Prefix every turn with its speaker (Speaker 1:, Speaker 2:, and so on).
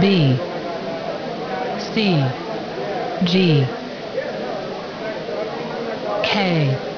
Speaker 1: B C G K